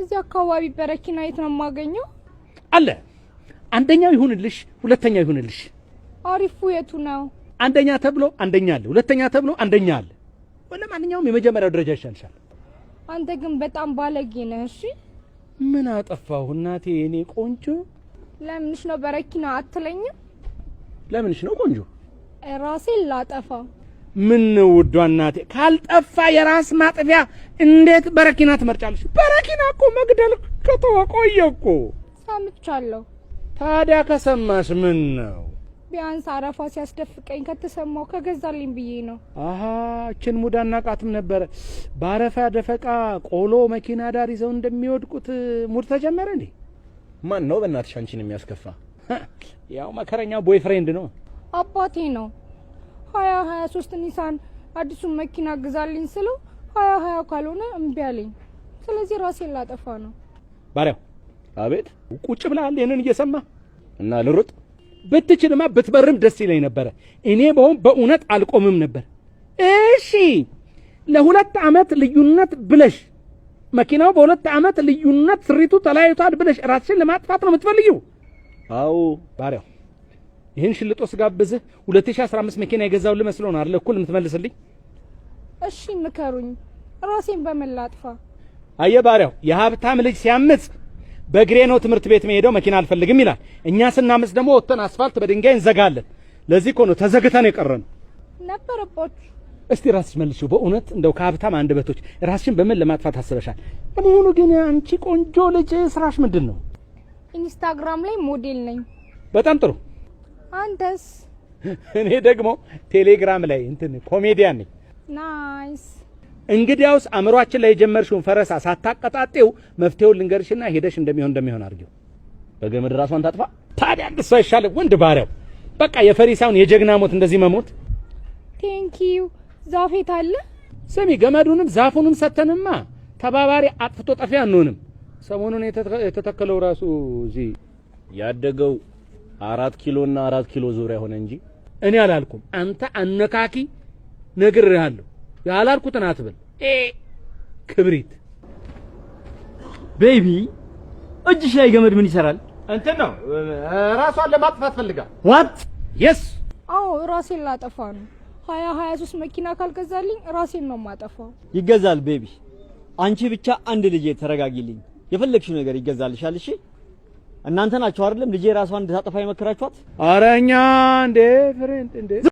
እዚህ አካባቢ በረኪና የት ነው የማገኘው? አለ አንደኛው ይሁንልሽ፣ ሁለተኛው ይሁንልሽ። አሪፉ የቱ ነው? አንደኛ ተብሎ አንደኛ አለ፣ ሁለተኛ ተብሎ አንደኛ አለ። ለማንኛውም የመጀመሪያው ደረጃ ይሻልሻል። አንተ ግን በጣም ባለጌ ነህ። እሺ ምን አጠፋሁ እናቴ? የኔ ቆንጆ ለምንሽ ነው በረኪና አትለኝም? ለምንሽ ነው ቆንጆ? ራሴን ላጠፋ ምን ውዷ እናቴ ካልጠፋ የራስ ማጥፊያ እንዴት በረኪና ትመርጫለሽ? በረኪና እኮ መግደል ከተወ ቆየ እኮ ሰምቻለሁ። ታዲያ ከሰማሽ ምን ነው? ቢያንስ አረፋ ሲያስደፍቀኝ ከተሰማው ከገዛልኝ ብዬ ነው። አሀ እችን ሙዳ እናቃትም ነበረ። በአረፋ ደፈቃ ቆሎ መኪና ዳር ይዘው እንደሚወድቁት ሙድ ተጀመረ እንዴ? ማን ነው በእናትሽ አንቺን የሚያስከፋ? ያው መከረኛው ቦይፍሬንድ ነው፣ አባቴ ነው ሀያ ሀያ ሶስት ኒሳን አዲሱን መኪና ግዛልኝ ስለው ሀያ ሀያ ካልሆነ እምቢ አለኝ። ስለዚህ ራሴን ላጠፋ ነው። ባሪያው አቤት። ቁጭ ብለሃል ይህንን እየሰማ እና ልሩጥ ብትችልማ ብትበርም ደስ ይለኝ ነበረ። እኔ በሆን በእውነት አልቆምም ነበር። እሺ ለሁለት ዓመት ልዩነት ብለሽ መኪናው በሁለት ዓመት ልዩነት ስሪቱ ተለያይቷል ብለሽ ራስሽን ለማጥፋት ነው የምትፈልጊው? አዎ ባሪያው ይህን ሽልጦ ስጋብዝህ 2015 መኪና የገዛው ልመስለው ነው አይደል? እኩል የምትመልስልኝ? እሺ ምከሩኝ፣ ራሴን በመላጥፋ አየ ባሪያው የሀብታም ልጅ ሲያምጽ በእግሬ ነው ትምህርት ቤት መሄደው መኪና አልፈልግም ይላል። እኛ ስናምጽ ደግሞ ወጥተን አስፋልት በድንጋይ እንዘጋለን። ለዚህ እኮ ነው ተዘግተን የቀረነው። ነበረባችሁ። እስቲ ራስሽ መልሽው። በእውነት እንደው ከሀብታም አንደበቶች ራስሽን በምን ለማጥፋት አስበሻል? ለመሆኑ ግን አንቺ ቆንጆ ልጅ ስራሽ ምንድን ነው? ኢንስታግራም ላይ ሞዴል ነኝ። በጣም ጥሩ አንተስ? እኔ ደግሞ ቴሌግራም ላይ እንትን ኮሜዲያን ነኝ። ናይስ። እንግዲያውስ አእምሯችን ላይ የጀመርሽውን ፈረሳ ሳታቀጣጤው መፍትሄውን ልንገርሽና ሄደሽ እንደሚሆን እንደሚሆን አድርጊው። በገመድ ራሷን ታጥፋ ታዲያ እንደሷ ይሻለ ወንድ ባሪያው በቃ የፈሪሳውን የጀግና ሞት እንደዚህ መሞት። ቴንኪዩ። ዛፌት አለ። ስሚ ገመዱንም ዛፉንም ሰተንማ ተባባሪ አጥፍቶ ጠፊ አንሆንም። ሰሞኑን የተተከለው ራሱ እዚህ ያደገው አራት እና አራት ኪሎ ዙሪያ ሆነ እንጂ እኔ አላልኩም። አንተ አነካኪ ነግሬሃለሁ። ያላልኩትን አትበል። ክብሪት ቤቢ፣ እጅሽ ላይ ገመድ ምን ይሰራል? እንትን ነው ራሷን ለማጥፋት ፈልጋ። ዋት የስ አዎ፣ ራሴን ላጠፋ ነው። ሀያ ሀያ ሶስት መኪና ካልገዛልኝ ራሴን ነው ማጠፋው። ይገዛል ቤቢ፣ አንቺ ብቻ አንድ ልጄ ተረጋጊልኝ። የፈለግሽው ነገር ይገዛልሻል። እሺ እናንተ ናችሁ አይደለም ልጄ ራሷን እንድታጠፋ የመከራችኋት? አረኛ እንዴ ፍሬንድ እንዴ